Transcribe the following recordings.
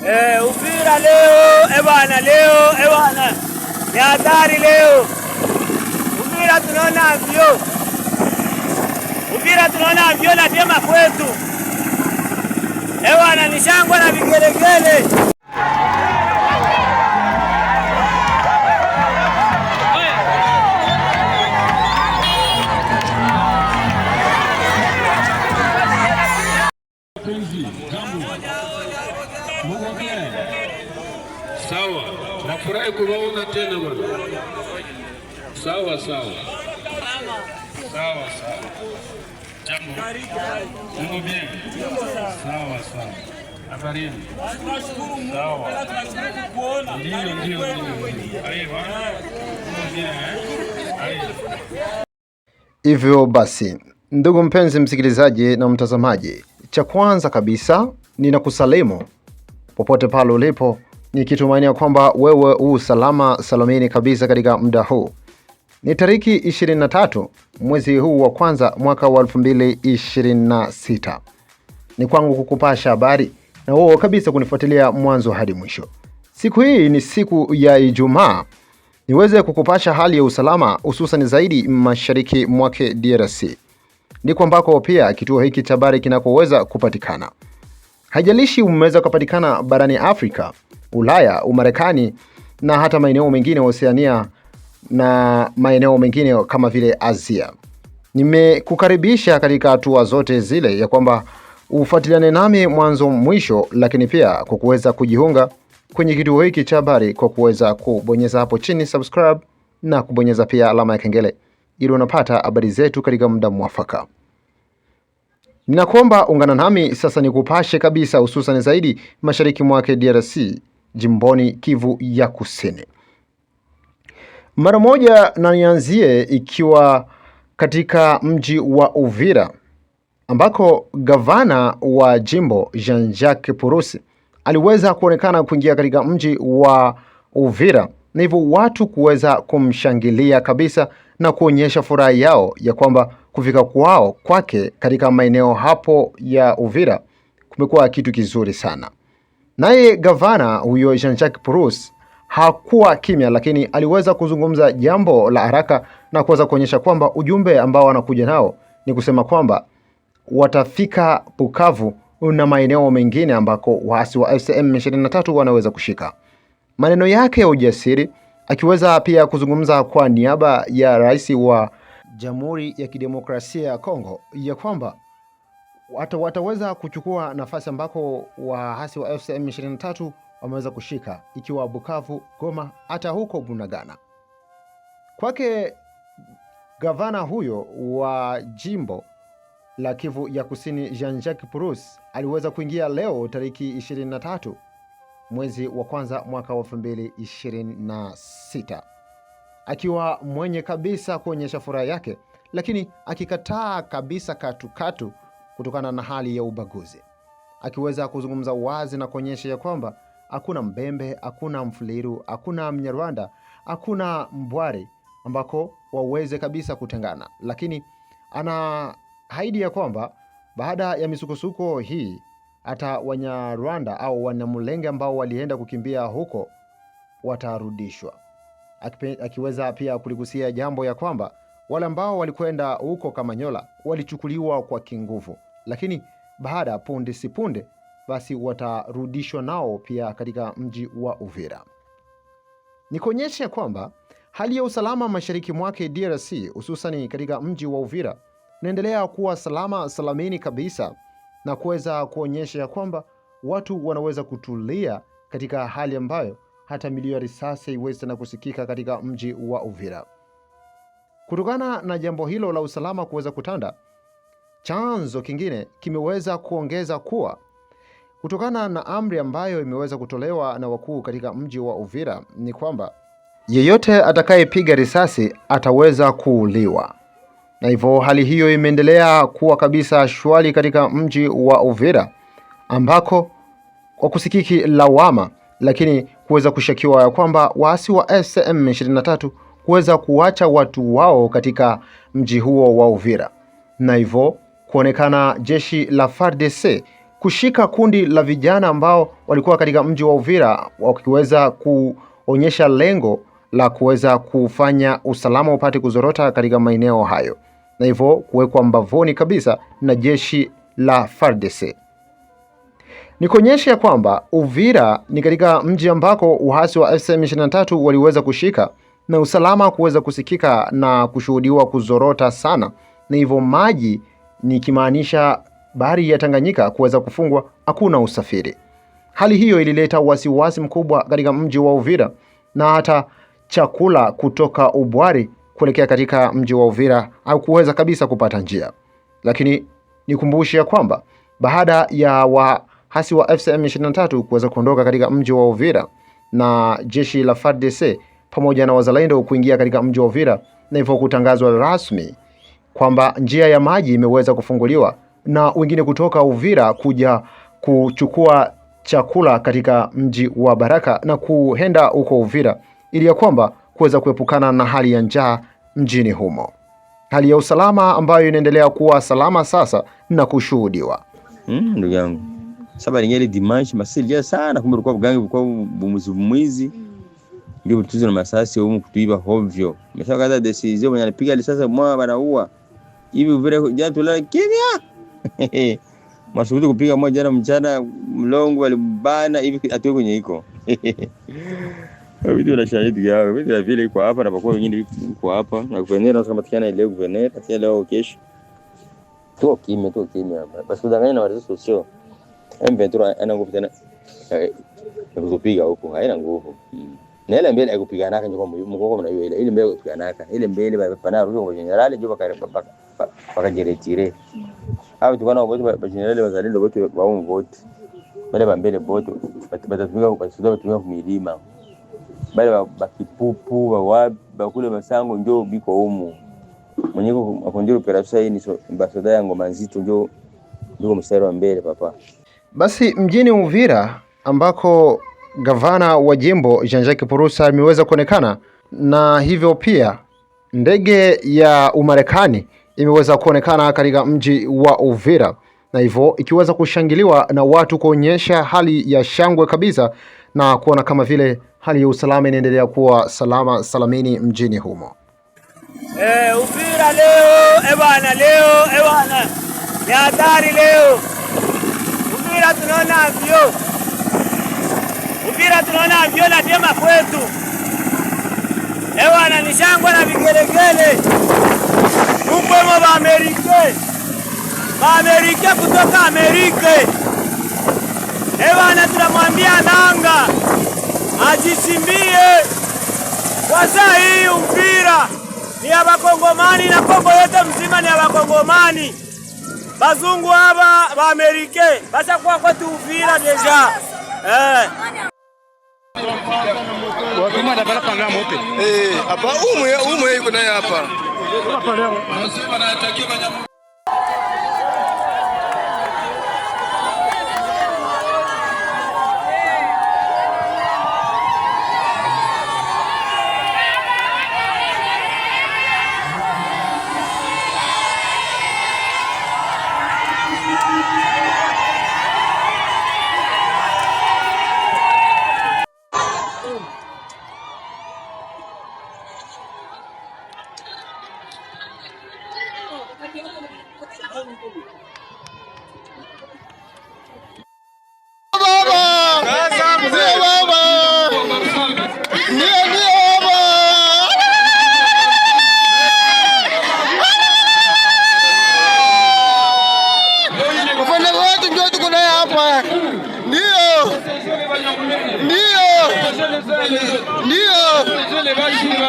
Eh, Uvira leo ebana, eh, leo ebana, eh, ni hatari leo Uvira, tunaona vyo Uvira, tunaona vyo na tema kwetu ebana, eh, ni shangwa na vigelegele Sawa, nafurahi kuwaona tena bwana. Sawa sawa, sawa sawa, jambo bien. Sawa sawa, ndio ndio ndio, eh? Hivyo basi, ndugu mpenzi msikilizaji na mtazamaji, cha kwanza kabisa ninakusalimu popote pale ulipo, nikitumainia kwamba wewe huu salama salamini kabisa katika muda huu. Ni tariki 23 mwezi huu wa kwanza mwaka wa 2026. Ni kwangu kukupasha habari na wewe kabisa kunifuatilia mwanzo hadi mwisho. Siku hii ni siku ya Ijumaa, niweze kukupasha hali ya usalama hususan zaidi mashariki mwake DRC, ndiko ambako pia kituo hiki cha habari kinakoweza kupatikana. Haijalishi umeweza ukapatikana barani Afrika, Ulaya, Umarekani na hata maeneo mengine Oceania na maeneo mengine kama vile Asia. Nimekukaribisha katika hatua zote zile ya kwamba ufuatiliane nami mwanzo mwisho, lakini pia kwa kuweza kujiunga kwenye kituo hiki cha habari kwa kuweza kubonyeza hapo chini subscribe na kubonyeza pia alama ya kengele ili unapata habari zetu katika muda mwafaka. Ninakuomba ungana nami sasa nikupashe kabisa, hususan zaidi mashariki mwake DRC, jimboni Kivu ya Kusini. Mara moja na nianzie ikiwa katika mji wa Uvira ambako gavana wa jimbo Jean-Jacques Purusi aliweza kuonekana kuingia katika mji wa Uvira na hivyo watu kuweza kumshangilia kabisa na kuonyesha furaha yao ya kwamba kufika kwao kwake katika maeneo hapo ya Uvira kumekuwa kitu kizuri sana. Naye gavana huyo Jean-Jacques Purusi hakuwa kimya, lakini aliweza kuzungumza jambo la haraka na kuweza kuonyesha kwamba ujumbe ambao wanakuja nao ni kusema kwamba watafika Bukavu na maeneo mengine ambako waasi wa M23 wanaweza kushika. Maneno yake ya ujasiri Akiweza pia kuzungumza kwa niaba ya rais wa Jamhuri ya Kidemokrasia ya Kongo ya kwamba wataweza kuchukua nafasi ambako waasi wa fcm 23 wameweza kushika, ikiwa Bukavu, Goma, hata huko Bunagana. Kwake gavana huyo wa jimbo la Kivu ya Kusini Jean-Jacques Purus aliweza kuingia leo tariki 23 mwezi wa kwanza mwaka wa 2026 akiwa mwenye kabisa kuonyesha furaha yake, lakini akikataa kabisa katukatu kutokana na hali ya ubaguzi, akiweza kuzungumza wazi na kuonyesha ya kwamba hakuna Mbembe, hakuna Mfuliru, hakuna Mnyarwanda, hakuna Mbwari ambako waweze kabisa kutengana, lakini ana haidi ya kwamba baada ya misukosuko hii hata Wanyarwanda au Wanyamulenge ambao walienda kukimbia huko watarudishwa. Akiweza pia kuligusia jambo ya kwamba wale ambao walikwenda huko Kamanyola walichukuliwa kwa kinguvu, lakini baada punde si punde basi watarudishwa nao pia katika mji wa Uvira. nikuonyesha kwamba hali ya usalama mashariki mwake DRC hususani katika mji wa Uvira inaendelea kuwa salama salamini kabisa na kuweza kuonyesha ya kwamba watu wanaweza kutulia katika hali ambayo hata milio ya risasi haiwezi tena kusikika katika mji wa Uvira. Kutokana na jambo hilo la usalama kuweza kutanda, chanzo kingine kimeweza kuongeza kuwa kutokana na amri ambayo imeweza kutolewa na wakuu katika mji wa Uvira ni kwamba yeyote atakayepiga risasi ataweza kuuliwa na hivyo hali hiyo imeendelea kuwa kabisa shwari katika mji wa Uvira ambako kwa kusikiki lawama, lakini kuweza kushakiwa ya kwamba waasi wa sm 23 kuweza kuacha watu wao katika mji huo wa Uvira na hivyo kuonekana jeshi la FARDC kushika kundi la vijana ambao walikuwa katika mji wa Uvira wakiweza kuonyesha lengo la kuweza kufanya usalama upate kuzorota katika maeneo hayo na hivyo kuwekwa mbavuni kabisa na jeshi la FARDC. Ni kuonyesha ya kwamba Uvira ni katika mji ambako uasi wa M23 waliweza kushika na usalama kuweza kusikika na kushuhudiwa kuzorota sana, na hivyo maji nikimaanisha bahari ya Tanganyika kuweza kufungwa, hakuna usafiri. Hali hiyo ilileta wasiwasi mkubwa katika mji wa Uvira na hata chakula kutoka Ubwari kuelekea katika mji wa Uvira au kuweza kabisa kupata njia. Lakini nikumbushe kwamba baada ya wahasi wa FCM 23 kuweza kuondoka katika mji wa Uvira na jeshi la FARDC pamoja na wazalendo kuingia katika mji wa Uvira na hivyo kutangazwa rasmi kwamba njia ya maji imeweza kufunguliwa na wengine kutoka Uvira kuja kuchukua chakula katika mji wa Baraka na kuenda huko Uvira ili ya kwamba kuweza kuepukana na hali ya njaa mjini humo. Hali ya usalama ambayo inaendelea kuwa salama sasa na kushuhudiwa. Mm, Ndugu mm, yangu saba lingeli dimanche masilia sana, kumbe ulikuwa bugangi ulikuwa bumuzi mwizi ndio tuzo na masasi huko kutuiba hovyo. Mesha kaza decision mwenye alipiga lisasa mwa banaua hivi vile jana tulala kimya mashughuli kupiga mmoja jana mchana mlongo alibana hivi atoe kwenye iko vitu eh, vinashani digawe vitu vya vile kwa hapa na pakuwa wengine kwa hapa na guverneri na kama tikiana ile guverneri atia leo kesho tu kimya tu kimya basi kudanganya na watu sio M23 ana nguvu tena eh, kukupiga huko haina nguvu hmm. na ile mbele akupiga naka ndio mgongo mna hiyo ile ile mbele kupiga naka ile mbele bana ruhusa kwa generali ndio baka baka tire hapo tu kana wote ba generali wazalendo wote waongo wote mbele mbele bote batatumika kwa sababu tunatumia milima bale bakipupu bawapi bakule masango njo biko umu mwenyeko akonjero perasha hii ni basoda ya ngoma nzito njo ndio mstari wa mbele papa. Basi mjini Uvira ambako gavana wa jimbo Jean-Jacques Purusa ameweza kuonekana na hivyo pia ndege ya Umarekani imeweza kuonekana katika mji wa Uvira na hivyo ikiweza kushangiliwa na watu kuonyesha hali ya shangwe kabisa na kuona kama vile hali ya usalama inaendelea kuwa salama salamini mjini humo. E, Uvira leo ebana, leo ebana, ni hatari leo Uvira, tunaona vyo Uvira, tunaona vyo na vyema kwetu ebana, ni shangwa na vigelegele ukwemo ba Amerika, ba Amerika kutoka Amerika Ewana, eh tunamwambia nanga ajichimbie kwa saa hii. Mpira ni ya Wakongomani na Kongo yote mzima ni ya Wakongomani. Bazungu hapa Baamerike basakuwa kwetu Uvira deja eh. Hey, umwe, umwe,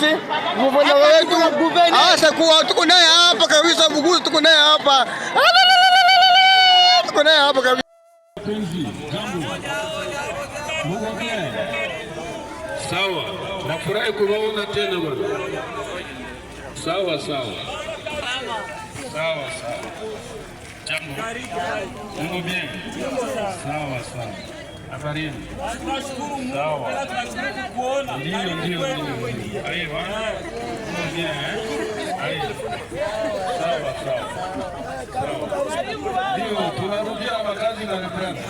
sisi mvuvula wetu hasa kuwa tuko naye hapa kabisa, Buguzi tuko naye hapa, tuko naye hapa kabisa. Sawa, nafurahi kuona tena bwana. Sawa sawa, sawa sawa, jambo, bien. sawa sawa. Hatarini. Tunashukuru Mungu na tunashukuru kuona. Ndio, ndio. Aiwa. Ndio, eh. Aiwa. Sawa, sawa. Ndio, tunarudia makazi na reference.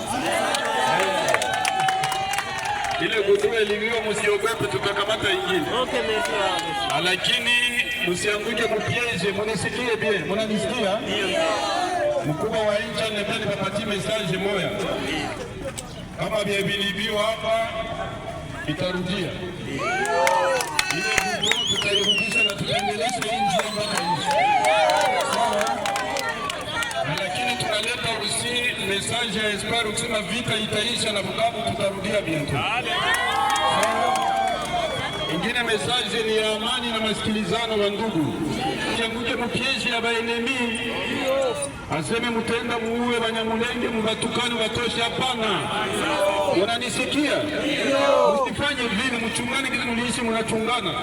Ile kutume ilivyo, msiogope, tutakamata ingine. Okay, mheshimiwa. Ah, lakini msianguke kupienje, mnisikie bien, mnanisikia? Ndio. Mkubwa wa nchi anataka nipatie message moja kama vyebilibiwa hapa vitarudia ile video, tutairudisha na tutaendelesha hii njia mpaka sawa, lakini tunaleta usi mesaje ya espoir kusema vita itaisha na Bukavu tutarudia bientôt. Ingine mesaje ni ya amani na masikilizano wa ndugu, yanguje mupieshe ya baenemi aseme mutenda muue Banyamulenge mubatukani batoshe? Hapana, unanisikia? Msifanye vile, muchungane kitu muliishi, munachungana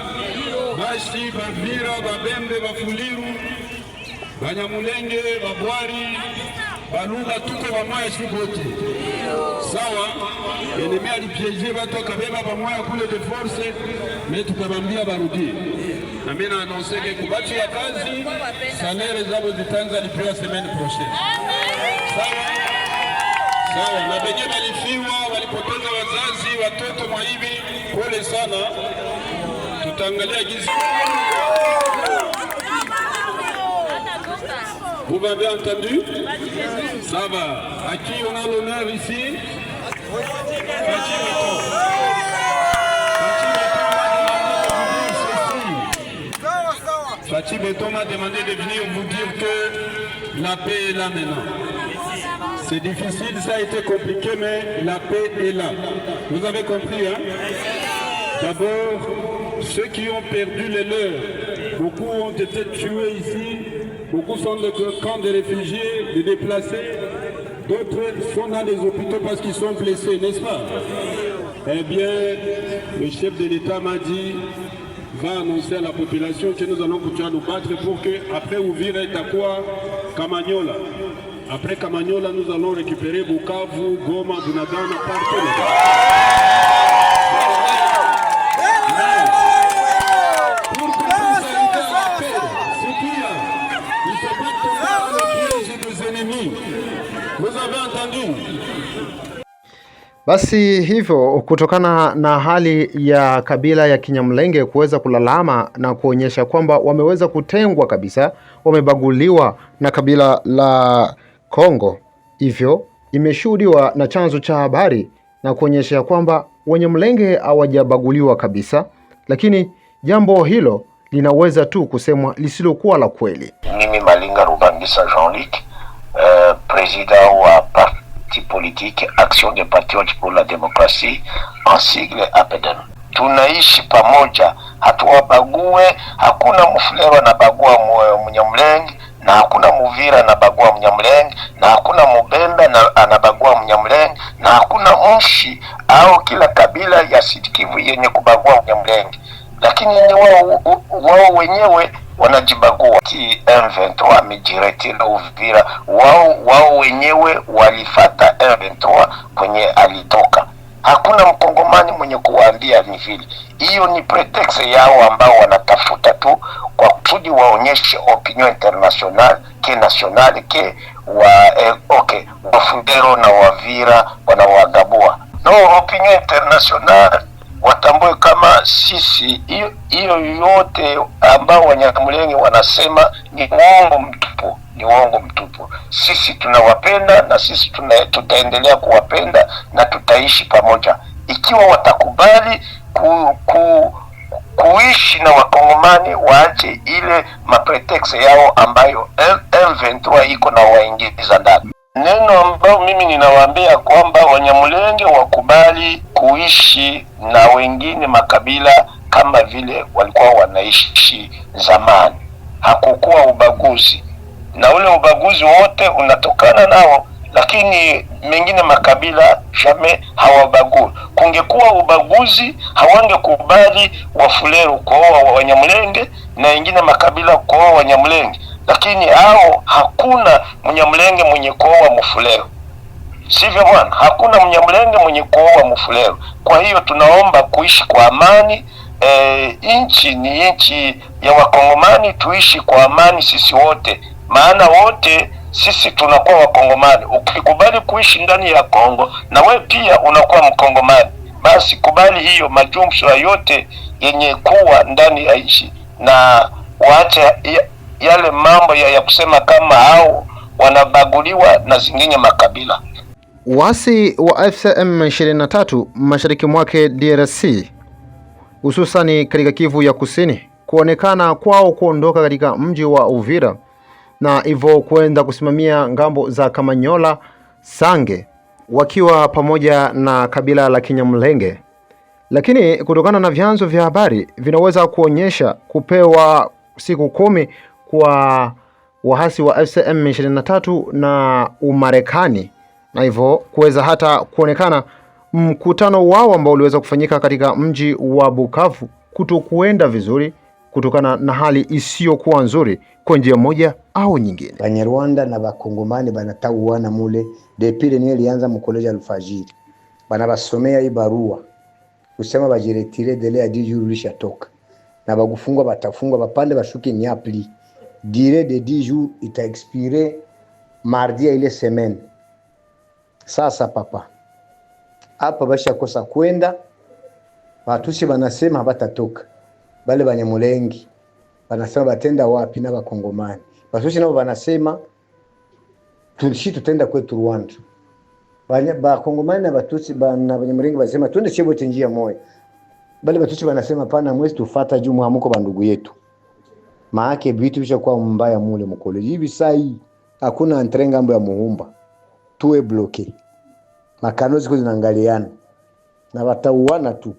basi Bavira, Babembe, Bafuliru, Banyamulenge, Babwari, Baluga, tuko bamwaya si sawa. Eneme alipiege batu akabeba bamwaya kule de force, me tukabambia barudie na mimi naanonse ke kubatu ya kazi sanere zabo zitanza pia semaine prochaine. Sawa sawa, na benye balifiwa walipoteza wazazi watoto mwa hivi, pole sana, tutaangalia jinsi Vous m'avez entendu Ça va. À qui on a l'honneur ici on m'a demandé de venir vous dire que la paix est là maintenant. C'est difficile, ça a été compliqué, mais la paix est là. Vous avez compris, hein D'abord, ceux qui ont perdu les leurs, beaucoup ont été tués ici, beaucoup sont dans le camp de réfugiés, de déplacés, d'autres sont dans les hôpitaux parce qu'ils sont blessés, n'est-ce pas Eh bien, le chef de l'État m'a dit, va annoncer à la population que nous allons continuer à nous battre pour que après Ouvira itakuwa Kamanyola. Après Kamanyola, nous allons récupérer Bukavu, Goma, Bunagana, partout. Basi hivyo kutokana na hali ya kabila ya Kinyamlenge kuweza kulalama na kuonyesha kwamba wameweza kutengwa kabisa, wamebaguliwa na kabila la Kongo, hivyo imeshuhudiwa na chanzo cha habari na kuonyesha kwamba wenye mlenge hawajabaguliwa kabisa, lakini jambo hilo linaweza tu kusemwa lisilokuwa la kweli. Mimi Malinga Rubangisa Jean-Luc, uh, president wa parti politique Action des Patriotes pour la Démocratie, en sigle APDEM. Tunaishi pamoja, hatuwabague. Hakuna na anabagua Mnyamlenge na hakuna Muvira anabagua Mnyamlenge na hakuna Mubembe na anabagua Mnyamlenge na hakuna mshi au kila kabila ya Sidikivu yenye kubagua Mnyamlenge, lakini wao wenyewe wanajibagua ki M23 na Uvira, wao wao wenyewe walifata M23 kwenye alitoka. Hakuna mkongomani mwenye kuwaambia ni vile, hiyo ni pretext yao ambao wanatafuta tu kwa kusudi waonyeshe opinion international ke national ke wa eh, okay wafundero na wavira wanawagabua no opinion international watambue kama sisi hiyo yote ambao Wanyamulenge wanasema ni uongo mtupu, ni uongo mtupu. Sisi tunawapenda na sisi tuna, tutaendelea kuwapenda na tutaishi pamoja ikiwa watakubali ku, ku, kuishi na Wakongomani, waache ile mapretext yao ambayo M23 iko na waingiza ndani neno ambao mimi ninawaambia kwamba Wanyamulenge wakubali kuishi na wengine makabila kama vile walikuwa wanaishi zamani. Hakukuwa ubaguzi, na ule ubaguzi wote unatokana nao, lakini mengine makabila jame hawabagui. Kungekuwa ubaguzi, hawangekubali Wafuleru kuoa Wanyamulenge na wengine makabila kuoa Wanyamulenge lakini hao hakuna mnyamlenge mwenye kuoa mfuleo sivyo bwana? Hakuna mnyamlenge mwenye kuoa mfuleo Kwa hiyo tunaomba kuishi kwa amani. E, nchi ni nchi ya Wakongomani, tuishi kwa amani sisi wote, maana wote sisi tunakuwa Wakongomani. Ukikubali kuishi ndani ya Kongo, na we pia unakuwa Mkongomani. Basi kubali hiyo majumsha yote yenye kuwa ndani ya nchi na waache yale mambo ya, ya kusema kama hao wanabaguliwa na zingine makabila. Waasi wa FCM 23 mashariki mwake DRC hususani katika Kivu ya Kusini kuonekana kwao kuondoka katika mji wa Uvira na hivyo kwenda kusimamia ngambo za Kamanyola Sange wakiwa pamoja na kabila la Kinyamlenge, lakini kutokana na vyanzo vya habari vinaweza kuonyesha kupewa siku kumi kwa waasi wa FCM 23 na Umarekani na hivyo kuweza hata kuonekana mkutano wao ambao uliweza kufanyika katika mji wa Bukavu kutokuenda vizuri kutokana na hali isiyokuwa nzuri kwa njia moja au nyingine. Banyarwanda na bakongomani banatauana mule depile niyo ilianza mukoleja alfajiri, banabasomea hii barua kusema bajiretire dele ya diju na bagufungwa batafungwa bapande bashuke nyapli durée de 10 jours, il t'a expiré mardi ya ile semaine. ça, papa, hapa ah, bashakosa kwenda, batusi banasema batatoka, bale banyamulengi banasema batenda wapi? Na bakongomani batusi nabo banasema tushi tutenda kwetu Rwanda. Bakongomani na batusi na banyamulengi basema twende chebote njia moya, bale batusi banasema pana mwezi tufata juu mwamuko bandugu yetu maake vitu vishakuwa mbaya mule mukoleji hivi sai hakuna entre ngambo ya muhumba tuwe bloke makano ziko zinaangaliana na watauana tu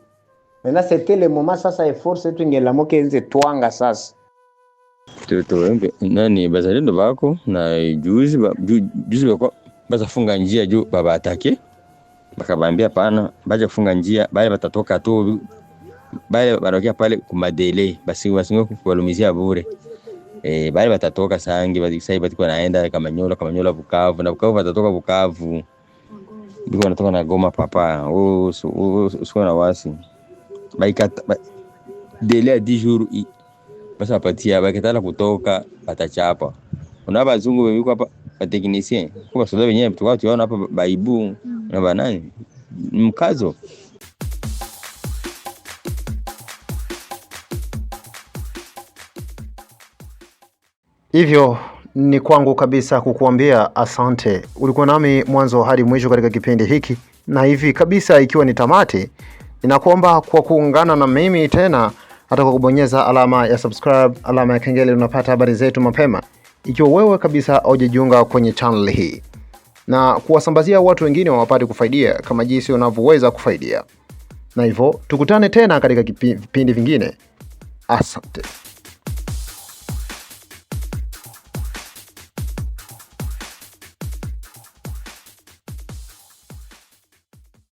mena setele moma sasa eforce yetu ingelamoke enze twanga sasa tutoembe nani bazalendo bako na juzi ba, ju, juzi bako bazafunga njia juu babatake bakabambia pana baje kufunga njia bale batatoka tu bale barokia pale kumadele basi basinga kuvalumizia bure eh, bale batatoka sangi basai batikuwa naenda Kamanyola, Kamanyola Bukavu, na Bukavu batatoka Bukavu biko natoka na Goma papa usikuwa na wasi baika ba, dele ya dix jours basi bapatia bakatala kutoka batachapa una bazungu bebiko hapa bateknisien kwa sababu wenyewe tukao tuona hapa baibu na banani mkazo Hivyo ni kwangu kabisa kukuambia asante. Ulikuwa nami mwanzo hadi mwisho katika kipindi hiki, na hivi kabisa, ikiwa ni tamati, ninakuomba kwa kuungana na mimi tena, hata kwa kubonyeza alama ya subscribe, alama ya kengele, unapata habari zetu mapema, ikiwa wewe kabisa aujajiunga kwenye channel hii, na kuwasambazia watu wengine wawapate kufaidia kama jinsi unavyoweza kufaidia. Na hivyo tukutane tena katika vipindi vingine. Asante.